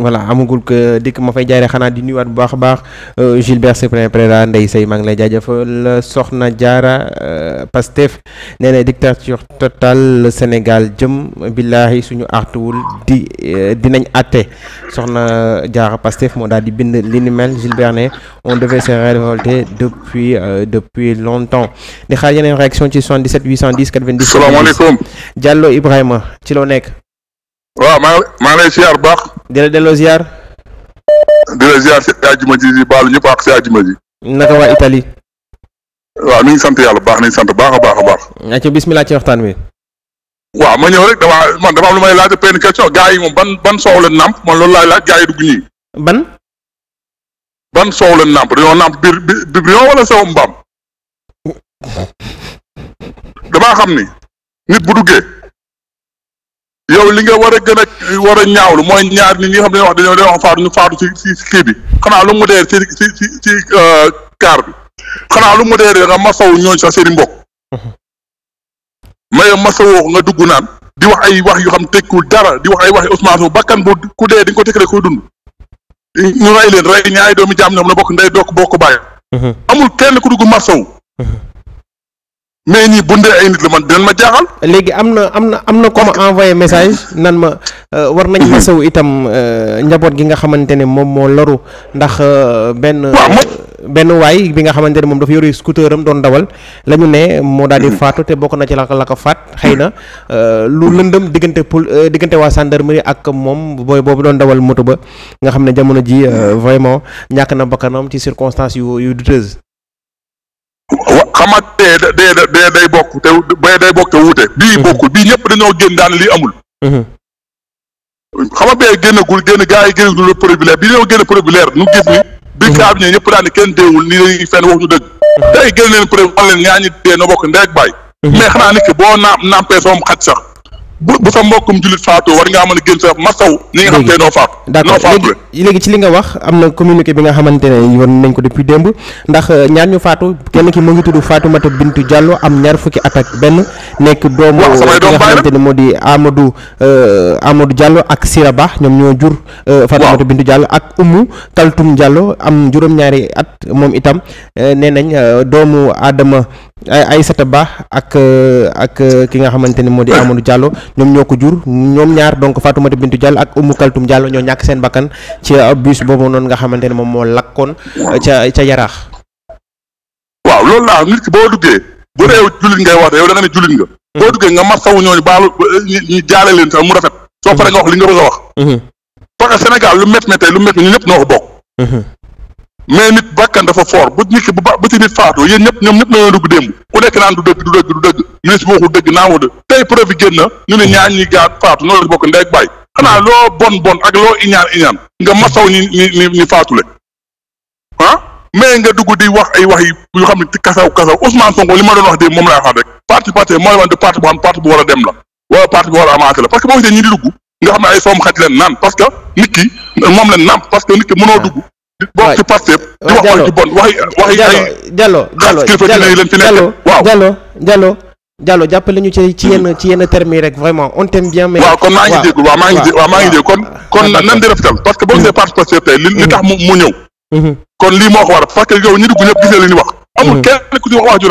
voilà amagul dikk ma fay jaaree xanaa di nuyuwaat bu baax a baax euh, Gilbert Cyprien Préda Ndeye Seye maa ngi lay jaajëfal Soxna Diarra euh, Pastef nee na dictature totale Sénégal jëm billaahi suñu artuwul di euh, dinañ àtte Soxna Diarra Pastef moo daal di bind li ni mel Gilbert ne on devait se révolter depuis depuis longtemps di xaar yeneen réaction ci 77 810 90. Ibrahima ci loo nekk. waaw ma maa ngi lay ziar bu baax. di la delloo ziar. di la àjjuma ji di baalu ñëpp ak si àjjuma ji. naka waa Italie. waaw ñu sant yàlla bu baax nañ sant baax a baax a baax. ñaa ci bismillah ci waxtaan wi. waaw ma ñëw rek damaa man damaa am lu may laaj benn question gaa yi moom ban ban soow leen nàmp man loolu laay laaj gaa yi dugg ñii. ban. ban soow leen nàmp dañoo nàmp biir bi biberon wala soow mbaam. damaa xam ni nit bu duggee. yow li nga war a gën a war a ñaawlu mooy ñaar nit ñi nga xam dañoo wax dañoo dañoo wax faatu ñu faatu ci ci ci kii bi xanaa lu mu dee ci ci ci ci kaar euh, bi xanaa lu mu dee da nga masawu ñooñu sax seeni i mbokk mais yow nga dugg naan di wax ay wax yu xam tekkul dara di wax ay wax Ousmane Sonko bakkan bu ku dee di ko tekk rek koy dund ñu rey leen rey ñaari doomi jaam ñoom la bokk ndey dokk bokk bàyyi mm-hmm. amul kenn ku dugg masawu mm-hmm. mais ñii bu ay nit la man dinañ ma jaaxal. léegi am na am na am na ko envoyé message nan ma euh, war nañ mhm. sew itam euh, njaboot gi nga xamante ne moom moo loru ndax euh, benn. benn waay bi nga xamante ne moom dafa yore scooter am doon dawal la ñu ne moo daal di mhm. faatu te bokk na ci la la ko faat xëy na lu lëndëm diggante pul diggante waa gendarmerie ak moom booy boobu doon dawal moto ba nga xam ne jamono ji vraiment ñàkk na bakkanam ci circonstances yu yu douteuses. xam nga dee dee dee day bokk te bee day bokk te wuute bii mhm. bokkul bii ñëpp dañoo génn daan li amul. Mhm. xam nga bee génnagul génn gaa yi génnagul le populaire bii dañoo génn populaire nu gis ni. bi gaa mhm. bi ñëw ñëpp daan ni kenn deewul nii dañuy fenn wax dëgg. tey génn leen preuve leen ñaa dee na bokk ndeeg bàyyi. mais xanaa nit boo nampee soom xaj sax. bu sa mbokkum jullit faatoo war ngaa mën a génn sa masaw ni nga xam tey noo faatu noo faatu léegi léegi ci li nga wax am na communiqué bi nga xamante ne yoon nañ ko depuis démb ndax euh, ñaar ñu faatu kenn ki mu ngi tudd Fatoumata Bintu Diallo am ñaar fukki at ak benn nekk doomu ki nga ne moo di Amadou euh, Amadou Diallo ak Sira baax ñoom ñoo jur euh, Fatoumata Bintu Diallo ak Umu Kaltum Diallo am juróom-ñaari at moom itam nee nañ doomu aadama ay Aïssata Ba ak euh, ak euh, ki nga xamante ni moo di Amadou Diallo ñoom ñoo ko jur ñoom ñaar donc Fatoumata Bintou Diallo ak Oumou Kaltoum Diallo ñoo ñàkk seen bakkan ci euh, bus boobu noonu nga xamante ne moom moo lakkoon ca ca yaraax. waaw loolu laa nit ki boo duggee bu dee jullit ngay wax de yow da nga ne jullit nga. Hmm. boo duggee nga masawu ñooñu baalu ñu leen sax mu rafet. Hmm. soo paree nga wax li nga bëgg a wax. Hmm. parce Sénégal lu métti méttee lu métti ñu ñëpp noo ko bakkan dafa fort bu nit bu ba ba ci nit faatoo yéen ñëpp ñoom ñëpp nañoo dugg démb ku nekk naan du dëgg du dëgg du dëgg ministre bi waxul dëgg naan wa dëgg tey preuve génn na nga masaw ñi ñi ñi faatule ah mais nga dugg di wax ay wax yi yu xam ne ci kasaw kasaw Ousmane Sonko li ma doon wax de moom laa xam rek parti parti mooy wan de parti bu xam parti bu war a dem la wala parti bu war a amaate la parce que boo gisee ñi di dugg nga xam ne di bokk ci Pastef di wax wax ju bon wax wax yi ay Diallo Diallo Diallo Diallo Diallo ci ci yenn hmm. ci yenn termes yi rek vraiment on t'aime bien mais waaw kon maa ngi déglu waaw maa ngi déglu kon kon nan di rafetal parce que boo gisee hmm. parti Pastef tey li tax mu mu ñëw hmm. kon lii moo ko war parce yow ñu dugg ñëpp gisee li ñu wax amul kenn ku ci wax wax ju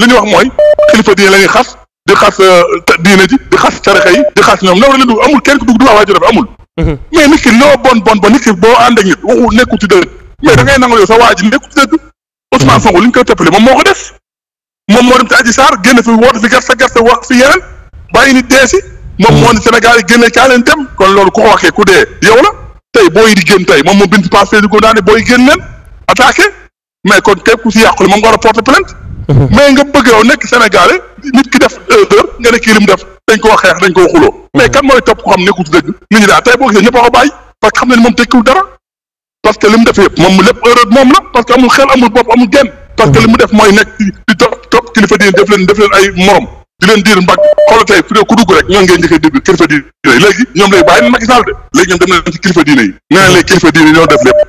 li ñu wax mooy kilifa diine la xas di xas euh, diine ji di xas tarixa yi di xas ñoom loolu la amul dugg du wax wax ju Mhm. mais nit ki loo bon bon ba nit ki boo ànd ak nit waxu nekkul ci dëgg mais da nangu yow sa waa ji nekkul ci dëgg Ousmane Sonko ñu koy toppale moom moo ko def moom moo dem ci Adji Sarr génn fi woote fi gerte gerte wax fi yeneen bàyyi nit dee si moom moo ni Sénégal yi génne kaa leen dem kon loolu ku ko waxee ku dee yow la tey booy di génn tey moom moo bind passe di ko daane booy génn leen mais kon képp ku si yàqule moom nga war a porter plainte mais nga bëgg yow nekk Sénégalais nit ki def erreur nga ne kii li mu def dañ koo xeex dañ koo xuloo mais kan mooy topp ko xam nekkul dara parce li mu def yëpp moom lépp erreur moom la parce que amul def mooy nekk di topp topp kilifa leen def leen ay morom di leen diir mbag xoolal tey fu dee ku dugg kilifa diine léegi ñoom lay kilifa diine yi nee def lépp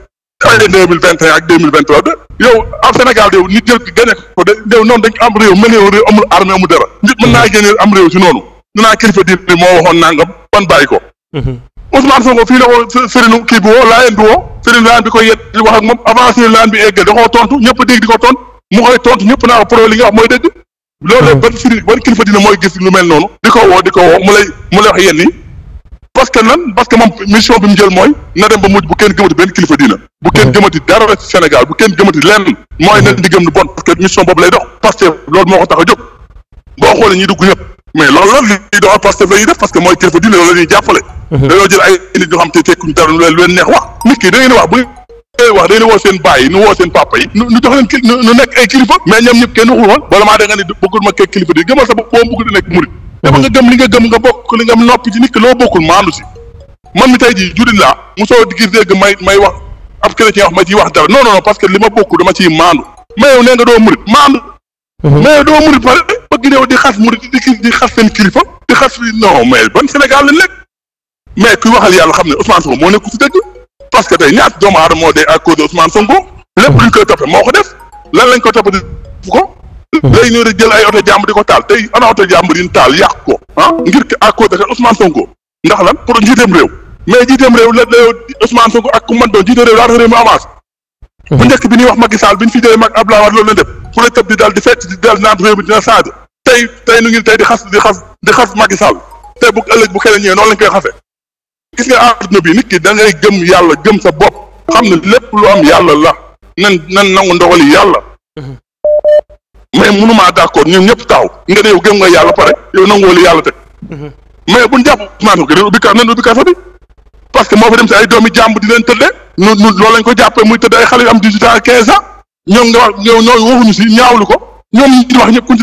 année deux mille vingt et un ak deux mille vingt trois de yow am Sénégal yow nit jël gagné ko de yow noonu dañ am réew mel yow réew amul armée amul dara nit mën naa génne am réew si noonu ñu naa kilifa diir moo waxoon nangam ban bàyyi ko mhm. Ousmane Sonko fii la ko Serigne kii bi woo Laayeen bi woo Serigne Laayeen bi koy yet li wax tontu ñëpp dégg di ko tontu mu koy tontu ñëpp naa ko pro li nga wax mooy dëgg mhm. loolu ban Serigne ban kilifa dina mooy gis lu mel noonu parce que nan parce moom mission bi mu jël mooy na dem ba mujj bu kenn gëmati benn kilifa diina bu kenn mm-hmm. gëmati dara dara wax seen baay nu woo seen papa yi nu jox leen kilifa mais ñoom ñëpp kenn waxul woon maa da nga ne bëggul ma kee kilifa di gëmal sa bopp boo bëgg di nekk murit dama nga gëm li nga gëm nga bokk li nga noppi ci nit ki loo bokkul maandu si man mi tey jii jullit laa gis dégg may may wax ab chrétien wax ma ciy wax dara non non parce que li ma bokkul dama ciy maandu mais yow nee nga doo murit mhm. mais yow doo murit pare bëgg yow di xas murit di ki di seen kilifa di xas li non mais ban Sénégal lañ nekk mais kuy waxal yàlla xam ne Ousmane Sonko moo nekku si parce que tey ñaata doomu aadama moo lépp luñ koy toppe moo ko def lan lañ ko topp di ko day mmh. ñëw jël ay oto jàmbur di ko taal tey ana oto jàmbur yi ñu taal yàq ko ah ngir à cause de Ousmane Sonko ndax lan pour njiiteem réew mais njiiteem réew la Ousmane Sonko ak ku mën doon njiiteem réew laata réew mu avance. Mmh. bu njëkk bi ñuy wax Macky saal bi ñu fi jëlee mag Abdoulaye Wade loolu la def ku ne tëb di dal di fecc di dal naan réew mi dina saaj tey tey nu ngi tey di xas di xas di xas Macky Sall tey bu ëllëg bu keneen ñëwee noonu lañ koy gis nga àdduna bi nit ki da ngay gëm yàlla gëm sa bopp xam ne lépp lu am yàlla la nan nan nangu ndogal yi yàlla mmh. mais mënumaa d'accord ñun ñëpp taaw nga yow gëm nga yàlla pare yow nangoo li yàlla teg mhm. mais buñ nu nu loolu lañ ko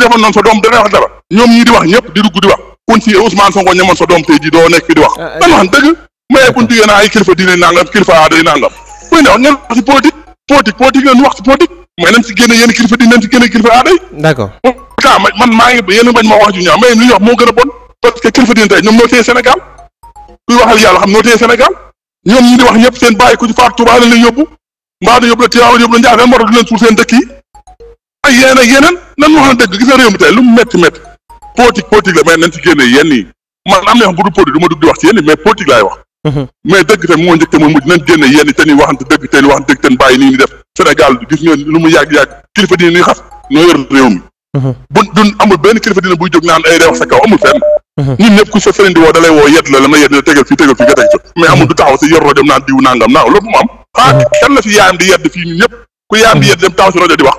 ñamoon sa doom tey ji doo nekk di wax dan ah, ah, wax ah. dëgg mais buñ jigéen ay kilifa diine nangam kilifa aaday nangam buñ ne wax ngeen wax si politique politique politique ngeen wax si politique mooy nañ si génne yenn kilifa di si génne kilifa aaday. d'accord man maa ngi yéen a bañ ma wax ju ñaaw mais li wax moo gën a bon parce ñoom noo téye Sénégal kuy waxal yàlla xam noo téye Sénégal ñoom di wax ñëpp seen bàyyi ku ci faatu Tuubaa lañ lay yóbbu mbaa da yóbbu la Tiwaawan yóbbu la Njaasaan moo tax du leen suul seen dëkk yi ak yeneen ak nan wax na dëgg gis na réew mi tey lu mu métti métti politique politique la mais nañ si Mhm. mais dëgg tamit moo njëkk te mooy mujj nañ génne yenn te ni waxante dëgg te ni waxante dëgg te bàyyi nii ni def Sénégal gis ngeen lu mu yàgg-yàgg kilifa dina xas ñoo yor réew mi mhm. bu mais amul du taxaw si yor rajo naan diw nangam naaw loolu mu am xaa ah, mhm. kan la fi yaayam di yedd fii ñun ñëpp ku yaayam di yedd dem taxaw si rajo di wax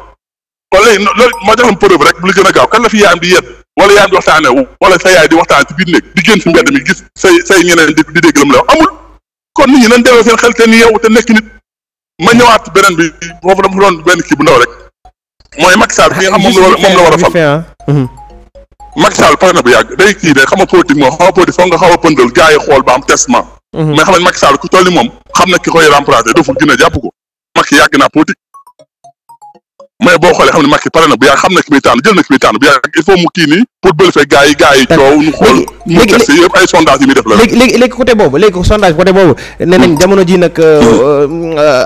kon léegi loolu moo preuve rek bu gën a gaaw kan la fi yaayam di yedd wala yaa di waxtaanee wala sa yaay di waxtaan ci biir néeg di génn ci mbedd mi gis say say ñeneen di di dégg la mu la amul kon nit ñi nañ delloo seen xel te ni yow te nekk nit ma ñëwaat beneen bi foofu dama doon benn kii bu ndaw rek mooy Macky Sall bi nga xam moom la war moom la war a fal. Mhm. Macky Sall pare na bu yàgg day kii de xam nga politique moom xaw a politique nga xaw a pëndal gars yi xool ba am testament. ma mhm. xam nga Macky Sall ku toll moom xam na ki koy remplacer dootul a jàpp ko Macky mais boo xoolee xam ne Macky pare na bu yàgg xam na ki muy tànn jël na bu yàgg il faut mu kii nii pour bël fee gars yi gars yi coow ñu xool mu testé yëpp ay sondage yi muy def la léegi léegi léegi boobu léegi sondage côté boobu nee jamono ji nag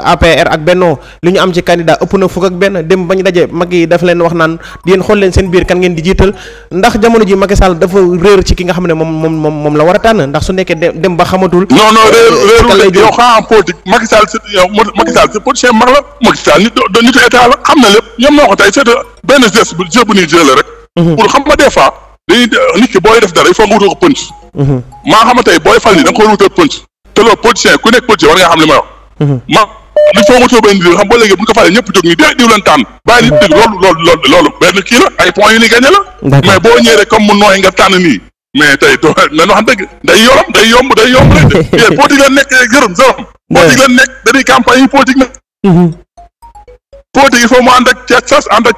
APR ak Benno li ñu am ci candidat ëpp na fukk ak benn dem ba bañ daje Macky daf leen wax naan di yéen xool leen seen biir kan ngeen di jiital ndax jamono ji Macky Sall dafa réer ci ki nga xam ne moom moom moom moom la war a tànn ndax su nekkee dem ba xamatul non non réerul yow xaa am politique Macky Sall si yow Macky Sall si yem naa ko tey c'est benn geste bu jeu bu ñuy rek. Mhm. pour xam nga des fois nit ki booy def dara il faut nga wutal pënc. Mhm. maa xam ne booy fal nii da nga ko war a pënc te loolu ku nekk politicien war nga xam li ma wax. Mhm. ma il faut nga wutal benn diw xam boo léegi bu ñu nit ñi loolu loolu loolu loolu kii la ay points yu ni gagné la. mais boo ñëwee comme mu nooy nga tànn nii. mais tey doo na loo xam dëgg day yomb day yomb day yomb rek de. politique la nekk politique il faut mu ànd ak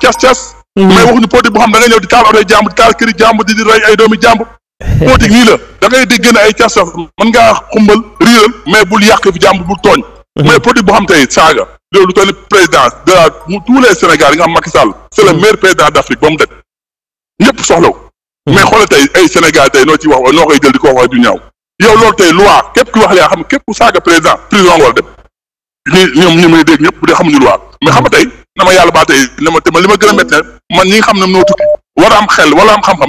cas cas mais waxuñu politique boo xam da ngay ñëw di taal oto jàmbur di taal këri jàmbur di rey ay doomi jàmbur. politique nii la da ngay di ay cas cas mën ngaa xumbal riiral mais bul yàq fi jàmbur bul tooñ. Mm-hmm. mais politique boo xam tey saaga loolu lu toll ni président de la tous les Sénégal yi nga xam Macky Sall. c'est le mm-hmm. meilleur président d'Afrique ba mu def ñëpp soxla mm-hmm. mais xoolal tey ay Sénégal tey noo ci wax noo koy jël di ko wax du ñaaw yow loolu tey loi wax yaa xam képp ku saaga président prison war dem. ñi ñoom ñi may dégg ñëpp de xamuñu lu waat mais xam nga tey na ma yàlla tey na ma te li a métti man ñi nga xam ne noo war a am xel wala am xam a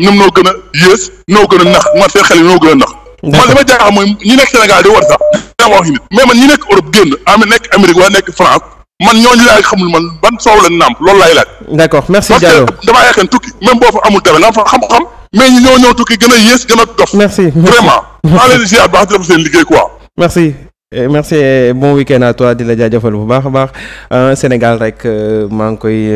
yées noo gën a nax man seen xel yi noo gën a nax man li ma jaaxal nekk Sénégal di war sax dama wax mais man ñu nekk Europe génn am nekk Amérique wala nekk France man ñooñu laaj xamul man ban soow la nàmp loolu laay laaj d'accord merci Diallo parce que damaa yaakaar tukki même boo fa amul dara na fa xam-xam mais ñi ñoo tukki gën a yées gën a dof vraiment maa leen ziar baax di def seen liggéey quoi merci Eh, merci bon week-end à toi di la jaajëfal bu baax a baax euh, Sénégal rek euh, maa koy.